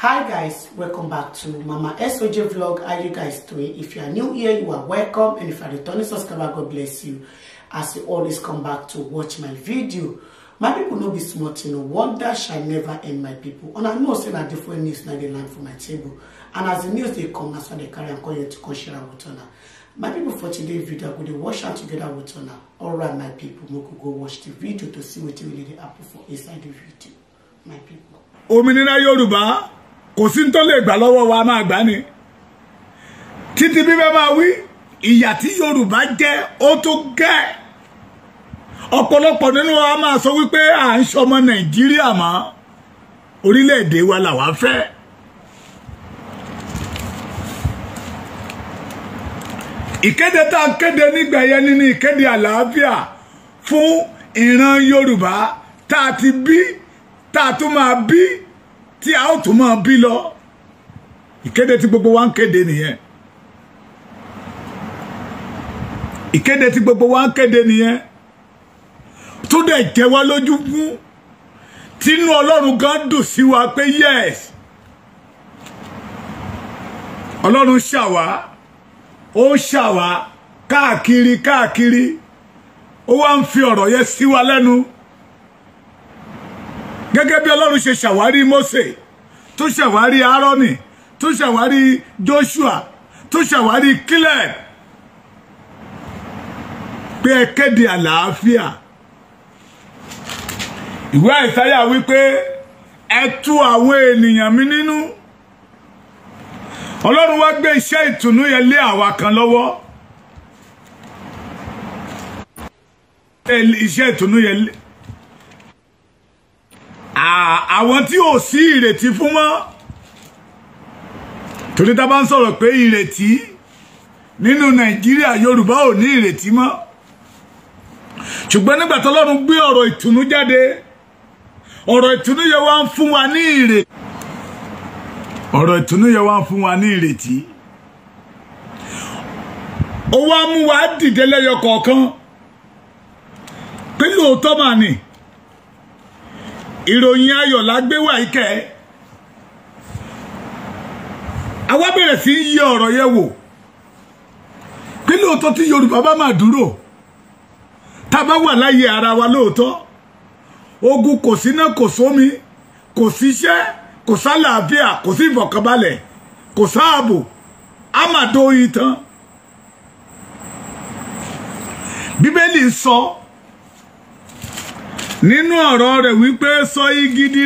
hi guys welcome back to mama soj vlog how you guys doing if you are new here you are welcome and if you are returning subscriber god bless you as you always come back to watch my video my people no be small thing o wonder shall never end my people and i know say na different news na dey land for my table and as the news dey come as so i dey carry am call you to come share am with una my people for today video i go dey watch am together with una right, my people make we go watch the video to see wetin really dey happen for inside the video my people. Ominina yoruba kò sí tó lè gbà lọ́wọ́ wa máa gbà ni títí bíbẹ́ máa wí ìyà tí Yorùbá jẹ́ ó tó gẹ́ ọ̀pọ̀lọpọ̀ nínú wa máa sọ wípé à ń ṣọmọ Nàìjíríà mọ́ orílẹ̀-èdè wa làwa fẹ́. ìkéde tá a kéde nígbà yẹn nínú ìkéde àlàáfíà fún ìran Yorùbá tá a ti bí tá a tún máa bí tí a ó tún máa bí lọ ìkéde tí gbogbo wa ń kéde nìyẹn ìkéde tí gbogbo wa ń kéde nìyẹn tó dẹ̀ jẹ́ wá lójú gún tínú ọlọ́run gan dùn sí wa pé yes ọlọ́run ṣàwá ó ṣàwá káàkiri káàkiri ó wá ń fi ọ̀rọ̀ yẹn sí wa lẹ́nu gẹ́gẹ́ bí ọlọ́run ṣe ṣàwárí Mósè tó ṣàwárí Áárónì tó ṣàwárí Joshua tó ṣàwárí Caleb pé ẹ kéde àlàáfíà ìwé àìsáyà wípé ẹ tú àwọn ènìyàn mi nínú ọlọ́run wá gbé iṣẹ́ ìtùnú yẹn lé àwa kan lọ́wọ́ iṣẹ́ ìtùnú yẹn lé àwọn tí ò sí ìrètí fún mọ́ torí tá bá ń sọ̀rọ̀ pé ìrètí nínú nàìjíríà yorùbá ò ní ìrètí mọ́ ṣùgbọ́n nígbà tọ́lọ́run gbé ọ̀rọ̀ ìtùnú jáde ọ̀rọ̀ ìtùnú yẹ wá ń fún wa ní ìrètí ọ̀rọ̀ ìtùnú yẹ wá ń fún wa ní ìrètí ó wá mú wa dìde lẹ́yọ kọ̀ọ̀kan pé lóòótọ́ mà ni. ìròyìn ayọ̀ lágbéwà ikẹ́ awa bẹ̀rẹ̀ sí í yẹ ọ̀rọ̀ yẹ wò pé lóòótọ́ tí Yorùbá bá máa dúró tá bá wà láyé ara wa lóòótọ́ ogun kò síná kò sómi kò síṣẹ́ kò sálàáfíà kò sí ìfọ̀kànbalẹ̀ kò sáàbò a máa dóyin tán Bíbélì sọ. So, nínú ọ̀rọ̀ rẹ̀ wípé sọ igi di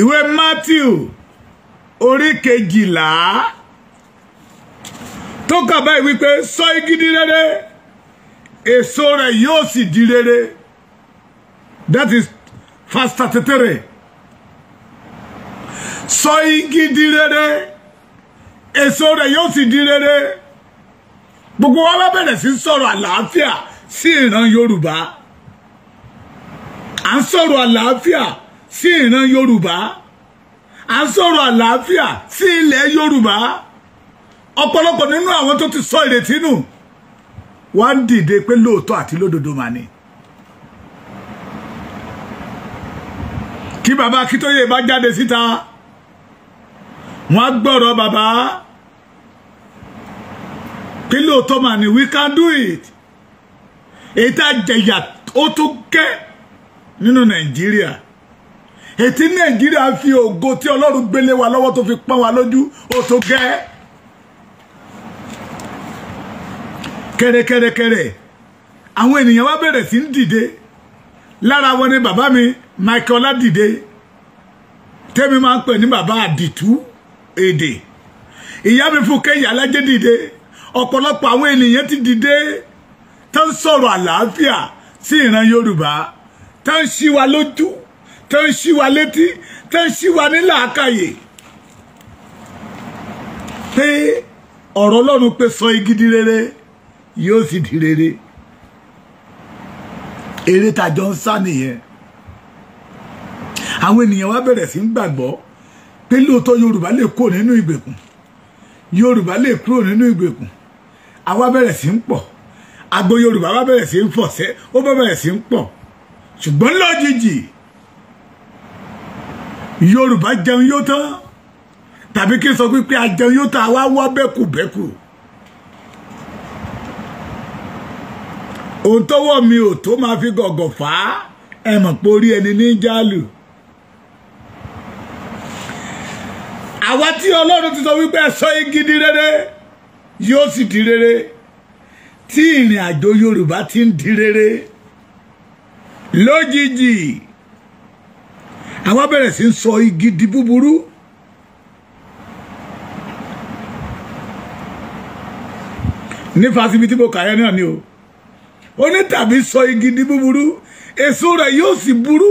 ìwé Matthew orí kejìlá tó kà báyìí wípé sọ igi di rere èso rẹ̀ yóò sì di rere that is fast thirty three sọ igi di rere èso rẹ̀ yóò sì di rere gbogbo wa wá bẹ̀rẹ̀ sí sọ̀rọ̀ àlàáfíà sí ìran yorùbá à ń sọ̀rọ̀ àlàáfíà sí ìran yorùbá à ń sọ̀rọ̀ àlàáfíà sí ilẹ̀ yorùbá ọ̀pọ̀lọpọ̀ nínú àwọn tó ti sọ ìrètí nù wá ń dìde pé lóòótọ́ àti lódodo mà ni. kí baba akíntóye bá jáde síta wọ́n á gbọ́rọ̀ baba pé lóòótọ́ mà ní we can do it èyí tá a jẹ̀yà ó tún kẹ́ nínú nàìjíríà ètí nàìjíríà fi ògo tí ọlọ́run gbélé wa lọ́wọ́ tó fi pọ́n wa lójú ó tún kẹ́ kẹrẹkẹrẹkẹrẹ àwọn ènìyàn wá bẹ̀rẹ̀ sí ń dìde lára wọn ni bàbá mi Michael Ọládìde tẹ́mi máa ń pè ní bàbá àdìtú èdè ìyá mi fún kéyà alájẹ́ dìde ọ̀pọ̀lọpọ̀ àwọn ènìyàn ti dìde tó ń sọ̀rọ̀ àlàáfíà sí ìran Yorùbá tó ń ṣí wa lójú tó ń ṣí wa létí tó ń ṣí wa ní làákàyè pé ọ̀rọ̀ Ọlọ́run pé sọ igi di rere yóò sì di rere eré tàjọ ń sá nìyẹn àwọn ènìyàn wá bẹ̀rẹ̀ sí ń gbàgbọ́ pé lóòótọ́ Yorùbá lè kúrò nínú ìgbèkùn Yorùbá lè kúrò nínú ìgbèkùn àwa bẹ̀rẹ̀ sí ń pọ̀ agbo yorùbá wa bẹ̀rẹ̀ sí ń pọ̀ sẹ́ ó bẹ̀rẹ̀ sí ń pọ̀ ṣùgbọ́n lójijì yorùbá jẹun yóò tán tàbí kí n sọ pé a jẹun yóò tán àwa wá bẹ́kùbẹ́kù ohun tọ́wọ́ mi ò tó máa fi gọ̀gọ̀ fà á ẹ mọ̀ pé orí ẹni ní jálù. àwa tí ọlọ́run ti sọ wípé ẹ sọ igi di rere yóò sì di rere tí ìrìn àjò Yorùbá ti ń di rere lójijì àwa bẹ̀rẹ̀ sí ń sọ igi di búburú ní fásitì mo kà yẹn náà ni o ó sọ igi di búburú èso rẹ̀ yóò sì burú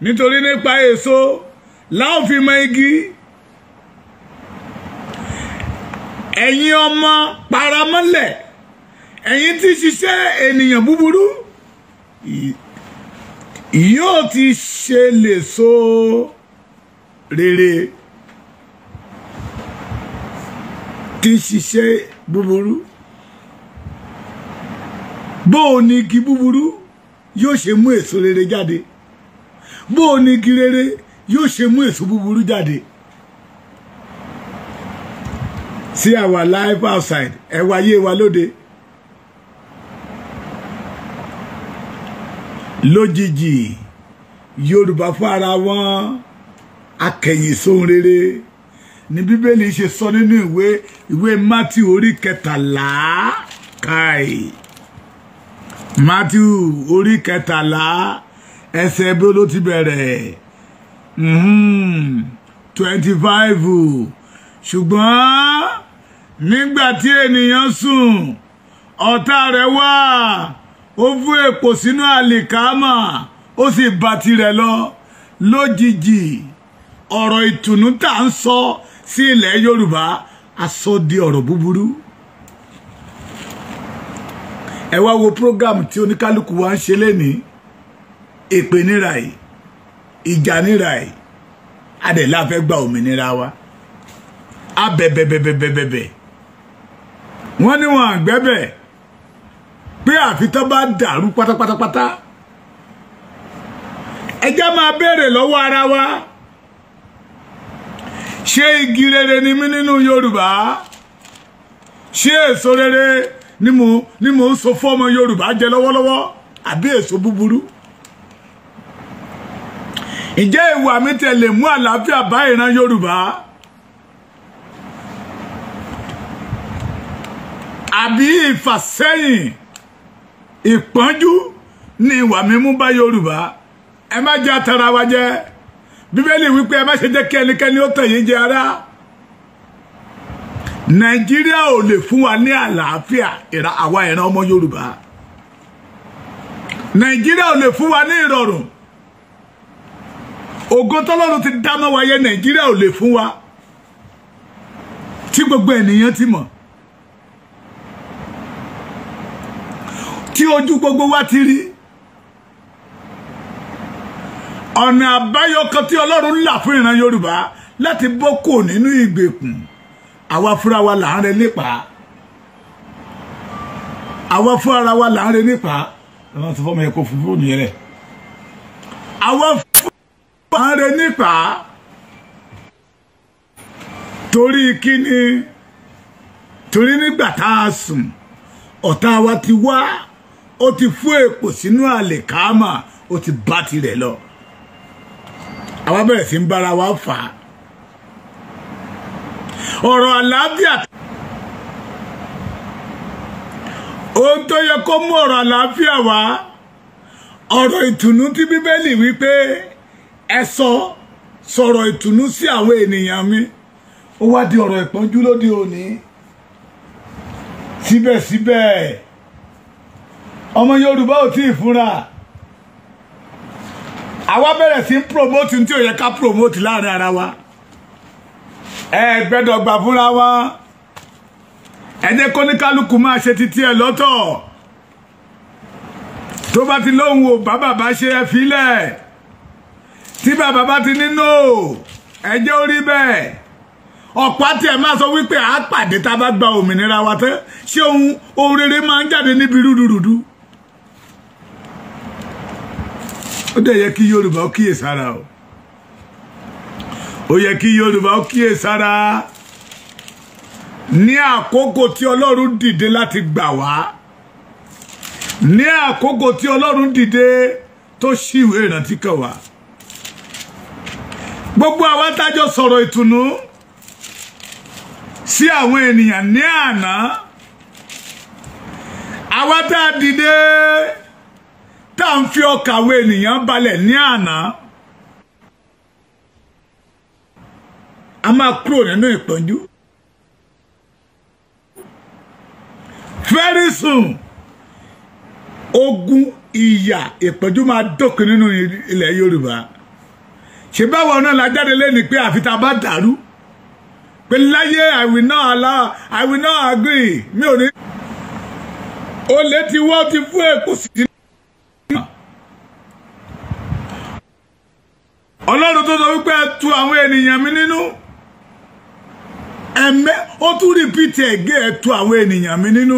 nítorí nípa èso la fi mọ igi. ẹ̀yin ọmọ paramọ́lẹ̀ ẹ̀yin tí ṣiṣẹ́ ènìyàn búburú yóò ti ṣe lè so rere tí ṣiṣẹ́ búburú bóò ni igi búburú yóò ṣe mú èso rere jáde bóò ni igi rere yóò ṣe mú èso búburú jáde see our life outside ẹ wá ayé wa lóde lójijì yorùbá fara wọn akẹ̀yìn sóhun rere ni bíbélì ṣe sọ nínú ìwé ìwé matthew orí kẹtàlá kai matthew orí kẹtàlá ẹsẹ̀ bí ló ti bẹ̀rẹ̀ twenty five ṣùgbọ́n nígbà tí ènìyàn sùn ọ̀tá rẹ̀ wá ó fú èpò sínú àlìkámà ó sì bá tirẹ̀ lọ lójijì ọ̀rọ̀ ìtùnú tá à ń sọ sí ilẹ̀ Yorùbá aṣọ di ọ̀rọ̀ búburú ẹ wá wo program tí oníkálukú wa ń ṣe lénìí èpè níra yìí ìjà níra yìí adẹ̀lá fẹ́ gba òmìnira wa abẹ̀bẹ̀bẹ̀bẹ̀bẹ̀bẹ̀ wọ́n ní wọn àgbẹ́bẹ̀ pé àfi tán bá dàrú pátápátápátá ẹjẹ́ máa béèrè lọ́wọ́ ara wa ṣé igi rere ni mí nínú Yorùbá ṣé èso rere ni mo ni mo ń so fọ́mọ Yorùbá jẹ lọ́wọ́lọ́wọ́ àbí èso búburú ǹjẹ́ ìwà mi tẹ̀lé mú àlàáfíà bá ìran Yorùbá. àbí ìfàsẹ́yìn ìpọ́njú ni ìwà mímú bá Yorùbá ẹ má jẹ́ atara wa jẹ Bíbélì wípé ẹ má ṣe jẹ́ kí ẹnikẹ́ni ó tàn yín jẹ ara Nàìjíríà ò lè fún wa ní àlàáfíà àwa ìran ọmọ Yorùbá Nàìjíríà ò lè fún wa ní ìrọ̀rùn ògo tọ́lọ́run ti dá mọ́ Nàìjíríà ò lè fún wa tí gbogbo ènìyàn ti mọ̀ tí ojú gbogbo wa ti rí ọ̀nà àbáyọ kan tí ọlọ́run là fún ìran yorùbá láti bọ́ kò nínú ìgbèkùn àwa fúnra wa là ń rẹ nípa àwa fúnra wa là ń rẹ nípa ọ̀nà tó fọ́mọ ẹ̀kọ́ fún fóònù yẹn rẹ̀ àwa fúnra wa là ń rẹ nípa torí kíni torí nígbà tá a sùn ọ̀tá wa ti wá ó ti fún èpò sínú àlèkámà ó ti bá tirẹ̀ lọ àwa bẹ̀rẹ̀ sí ń bára wa fà á ọ̀rọ̀ àlàáfíà ohun tó yẹ kó mú ọ̀rọ̀ àlàáfíà wá ọ̀rọ̀ ìtùnú tí bíbélì wípé ẹ sọ sọ̀rọ̀ ìtùnú sí àwọn ènìyàn mi ó wá di ọ̀rọ̀ ìpọ́njú lóde òní síbẹ̀síbẹ̀ ọmọ Yorùbá ò tí ì fúnra àwa bẹ̀rẹ̀ sí promote tí ò yẹ ká promote láàrin ara wa ẹ gbẹ́dọ̀ gbà fúnra wa ẹ̀jẹ̀ kóníkálukú máa ṣe títí ẹ̀ lọ́tọ̀ tó bá ti lóhùn O bá bàbá ṣe ẹ filẹ̀ tí bàbá bá ti nínú ẹjẹ́ ó rí bẹ́ẹ̀ ọ̀pá tí máa sọ wípé àápàdé tá a bá gba òmìnira wa tẹ́ ṣé ohun rere máa ń jáde níbi rúdurùdu. ó dẹ̀ yẹ kí Yorùbá ó kíyè sára o ó yẹ kí Yorùbá ó kíyè sára ní àkókò tí Ọlọ́run dìde láti gbà wá ní àkókò tí Ọlọ́run dìde tó ṣí ìwé ìrántí kan wá gbogbo àwa tájọ sọ̀rọ̀ ìtùnú sí àwọn ènìyàn ní àná àwa tá a dìde tá ń fi ọkà àwọn ènìyàn balẹ̀ ní àná a máa kúrò nínú ìpọ́njú very soon ogun ìyà ìpọ́njú máa dókun nínú ilẹ̀ Yorùbá ṣe báwọn náà la jáde lẹ́ni pé àfi tá a bá dàrú pé láyé I will not allow I will not agree mi ò ní. olè ti wọ́ ti fún èkó sí ọlọ́run tó sọ wípé ẹ tu àwọn ènìyàn mi nínú ẹ̀mẹ́ ó tún rìpítì ẹ̀gẹ́ tu àwọn ènìyàn mi nínú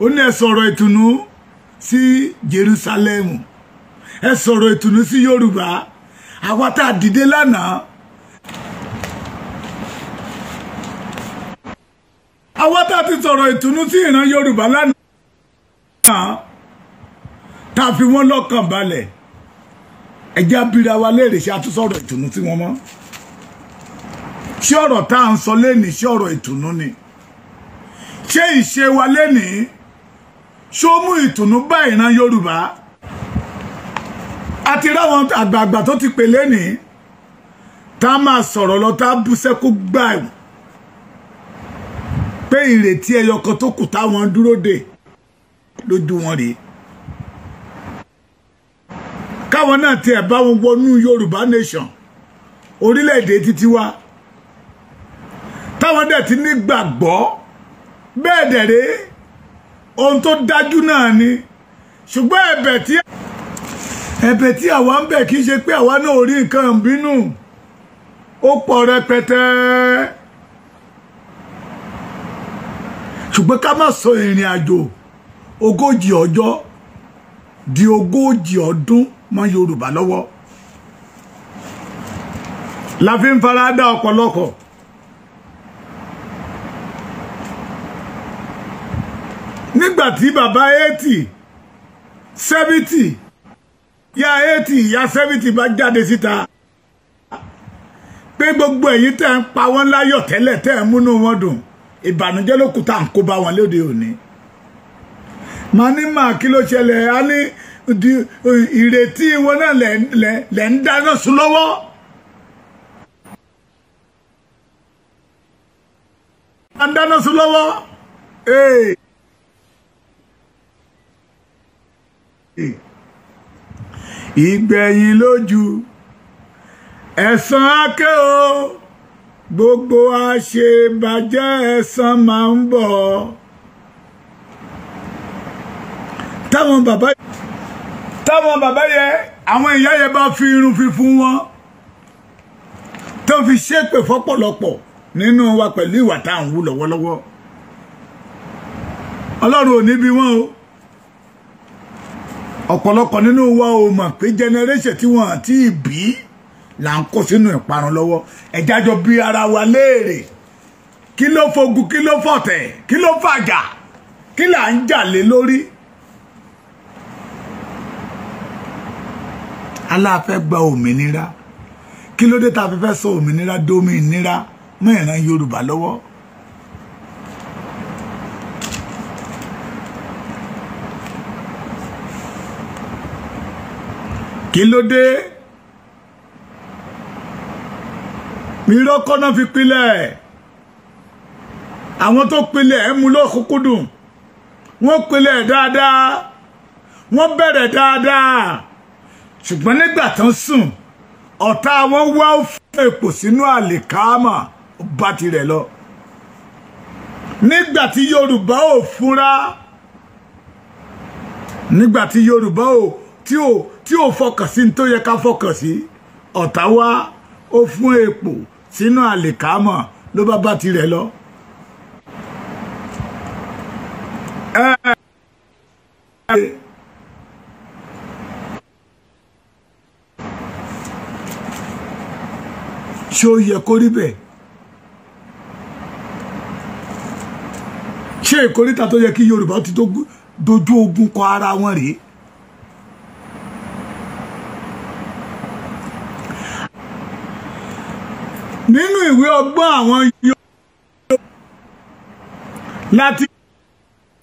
ó ní ẹ sọ̀rọ̀ ìtùnú sí Jerusalem ẹ sọ̀rọ̀ ìtùnú sí Yorùbá àwa tá a dìde lánàá àwa ti sọ̀rọ̀ ìtùnú sí ìran Yorùbá lánàá tá a fi wọ́n lọ́kàn balẹ̀ ẹjẹ́ abira wa léèrè ṣe àtúnṣọ̀rọ̀ ìtùnú tí wọ́n mọ́ ṣé ọ̀rọ̀ tá à ń sọ lénìí ṣé ọ̀rọ̀ ìtùnú ni ṣé ìṣe wa lénìí ṣó mú ìtùnú bá ìran Yorùbá àti ráwọn àgbààgbà tó ti pè lénìí tá a máa sọ̀rọ̀ lọ tá a bú sẹ́kú gbà pé ìrètí ẹyọkan tó kù táwọn dúró dè lójú wọn rèé káwọn náà tiẹ̀ bá wọn wọnú yorùbá nation orílẹ̀-èdè títí wa táwọn dẹ̀ ti nígbàgbọ́ bẹ́ẹ̀ dẹ̀ rèé ohun tó dájú náà ni ṣùgbọ́n ẹ̀bẹ̀ tí ẹ̀bẹ̀ tí àwa ń bẹ̀ kìí ṣe pé àwa náà ò rí nǹkan bínú ó pọ̀ rẹpẹtẹ ṣùgbọ́n ká má sọ ìrìn àjò ogójì ọjọ́ di ogójì ọdún mọ́ Yorùbá lọ́wọ́ la fi ń fara dá ọ̀pọ̀lọpọ̀ nígbà tí bàbá eighty seventy ya eighty ya seventy bá jáde síta pé gbogbo èyí tẹ́ ń pa wọ́n láyọ̀ tẹ́lẹ̀ tẹ́ ń múnú wọn dùn ìbànújẹ́ ló kù ń kó bá wọn lóde òní màá ní màá kí ló ṣẹlẹ̀ á ní ìrètí wọn náà lẹ̀ ń dáná sun lọ́wọ́. ń dáná sun lọ́wọ́. ìgbẹ̀yìn lójú ẹ̀san ákẹ́ o gbogbo àṣebàjẹ́ ẹ̀san máa ń bọ̀ táwọn bàbá yìí táwọn bàbá yẹn àwọn ìyá yẹn bá fi irun fífún wọn tó fi ṣépè fọ́pọ̀lọpọ̀ nínú wa pẹ̀lú ìwà tá à ń wú lọ́wọ́lọ́wọ́ ọlọ́run ò ní bí o ọ̀pọ̀lọpọ̀ nínú wa ò mọ̀ pé generation tí wọ́n àti ìbí là ń kó sínú ìparun lọ́wọ́ ẹ̀já jọ bí ara wa léèrè kí ló fogun kí ló fọ̀tẹ̀ kí ló fàjà kí là ń jà lé lórí aláàfẹ́ gba òmìnira kí ló dé ta fi fẹ́ sọ òmìnira dómìnira mọ́ ìran Yorùbá lọ́wọ́ kí ló dé irọ́ kọ́ náà fi pilẹ̀ àwọn tó pilẹ̀ ẹ̀ mú lọ́kùnkúndùn wọ́n pilẹ̀ dáadáa wọ́n bẹ̀rẹ̀ dáadáa ṣùgbọ́n nígbà tán sùn ọ̀tá wọn wá ó fún èpò sínú àlìkámà bá tirẹ̀ lọ nígbà tí yorùbá ò fúnra nígbà tí yorùbá ò tí ò tí ò fọkàn sí tó yẹ ká fọkàn sí ọ̀tá wá ó fún èpò sínú àlìkámà ló bá bá tirẹ̀ lọ. Eh. ṣé ó yẹ kó rí bẹ́ẹ̀ ṣé ìkóríta tó yẹ kí Yorùbá ti dojú ogun kọ ara wọn rèé nínú ìwé ọgbọ́n àwọn Yorùbá láti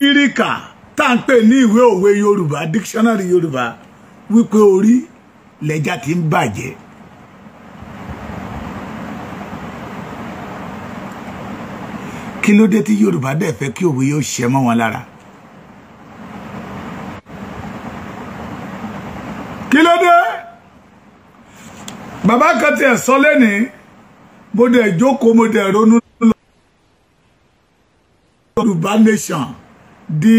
ìrìkà tá ń pè ní ìwé òwe Yorùbá dictionary Yorùbá wípé orí lẹ́jà tí ń bàjẹ́ kí ló dé tí Yorùbá dẹ̀ fẹ́ kí òwe yóò ṣẹ mọ́ wọn lára kí ló dé bàbá kan tiẹ̀ sọ lẹ́nìí mo dẹ̀ jókòó mo dẹ̀ ronú lọ Yorùbá nation di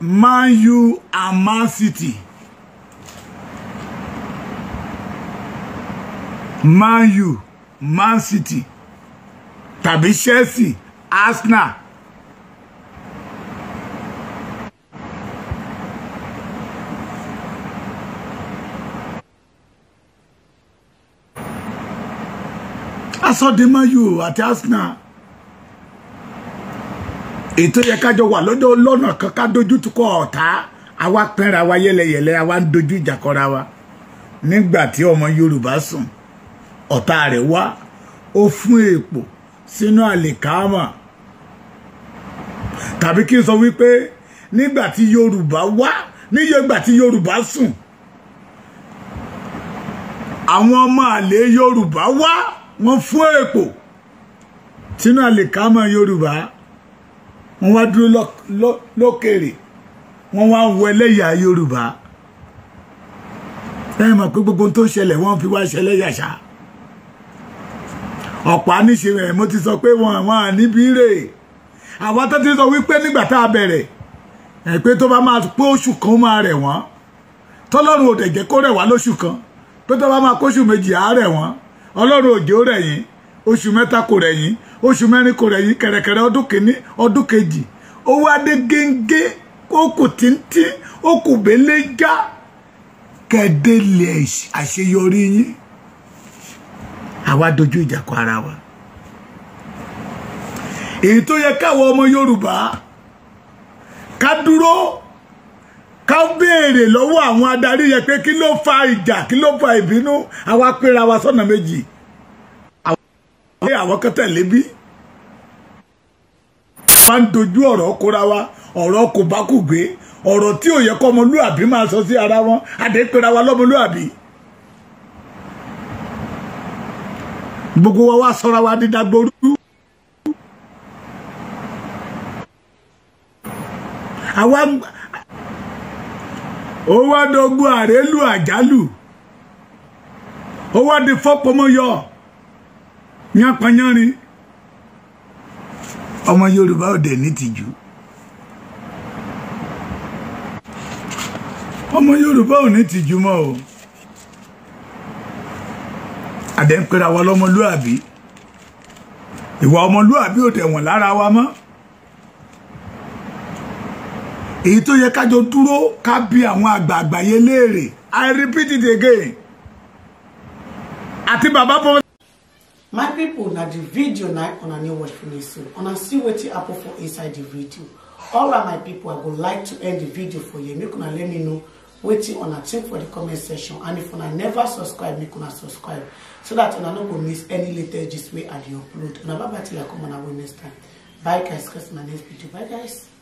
Man U and Man City. Man U Man City tàbí Chelsea Arsenal asọ́dẹ́mọ́ yìí o àti Arsenal ètò yẹ kájọ wà lọ́dọ̀ lọ́nà kan ká dojú tukọ̀ ọ̀tá àwa pẹ́ra wa yẹlẹyẹlẹ àwa ń dojú ìjà kọra wa nígbà tí ọmọ Yorùbá sùn ọ̀tá rẹ̀ wá ó fún èèpo sínú àlìkámà tàbí kí n sọ wípé nígbà tí Yorùbá wá nígbà tí Yorùbá sùn àwọn ọmọ àlè Yorùbá wá wọ́n fún èèpo sínú àlìkámà Yorùbá wọ́n wá dúró lókèrè wọ́n wá ń wọ ẹlẹ́yà Yorùbá ẹ mọ̀ pé gbogbo tó ṣẹlẹ̀ wọ́n fi wá ṣẹlẹ́yà ṣáá ọ̀pọ̀ àníṣe rẹ̀ mo ti sọ pé wọn àwọn àníbí rè àwọn tó ti sọ wípé nígbà tá a bẹ̀rẹ̀ ẹ̀ pé tó bá máa pé oṣù kan máa rẹ̀ wọ́n tọ́lọ́run ò dẹ̀ jẹ́ kó rẹ̀ wá lóṣù kan pé tó bá máa kóṣù méjì á rẹ̀ wọ́n ọlọ́run òjò rẹ̀ yín oṣù mẹ́ta kò rẹ̀ oṣù mẹ́rin kò rẹ̀ kẹ̀rẹ̀kẹ̀rẹ̀ ọdún kìíní ọdún kejì ó wá dé ó kù tíntín ó kù bẹ́lẹ́ já àṣeyọrí yín àwa dojú ìjà kọ ara wa èyí tó yẹ káwọn ọmọ Yorùbá ká dúró ká béèrè lọ́wọ́ àwọn adarí yẹ pé kí ló fa ìjà kí ló fa ìbínú àwa pera wa sọ́nà méjì àwọn kan tẹ̀lé bí bá ń dojú ọ̀rọ̀ kóra wa ọ̀rọ̀ kò bá kù gbé ọ̀rọ̀ tí ò yẹ kọ́ ọmọlúàbí máa sọ sí ara wọn àdékòra wa lọ́mọlúàbí. gbogbo wa wá sọra wa dídá gboru àwa ó wá dogun àrélù àjálù ó wá di fọpọmọyọ yánpanyánrin ọmọ Yorùbá òde nítìjú ọmọ Yorùbá ò nítìjú mọ́ o àdẹ̀ ń pera wa lọ́mọlúàbí ìwà ọmọlúàbí ò tẹ̀wọ̀n lára wa mọ́ èyí tó yẹ kájọ dúró ká bi àwọn àgbààgbà yẹn léèrè I repeat it again àti bàbá bọ́. my people, na the video na una new watch finish so una see wetin happen for inside the video all of my people, i go like to end the video for you. make una let me know Waiting on una think for the comment section and if una never subscribe make una subscribe so dat una no go miss any latest gist way i dey upload una bye bye till i come on our next time bye guys catch my next video bye guys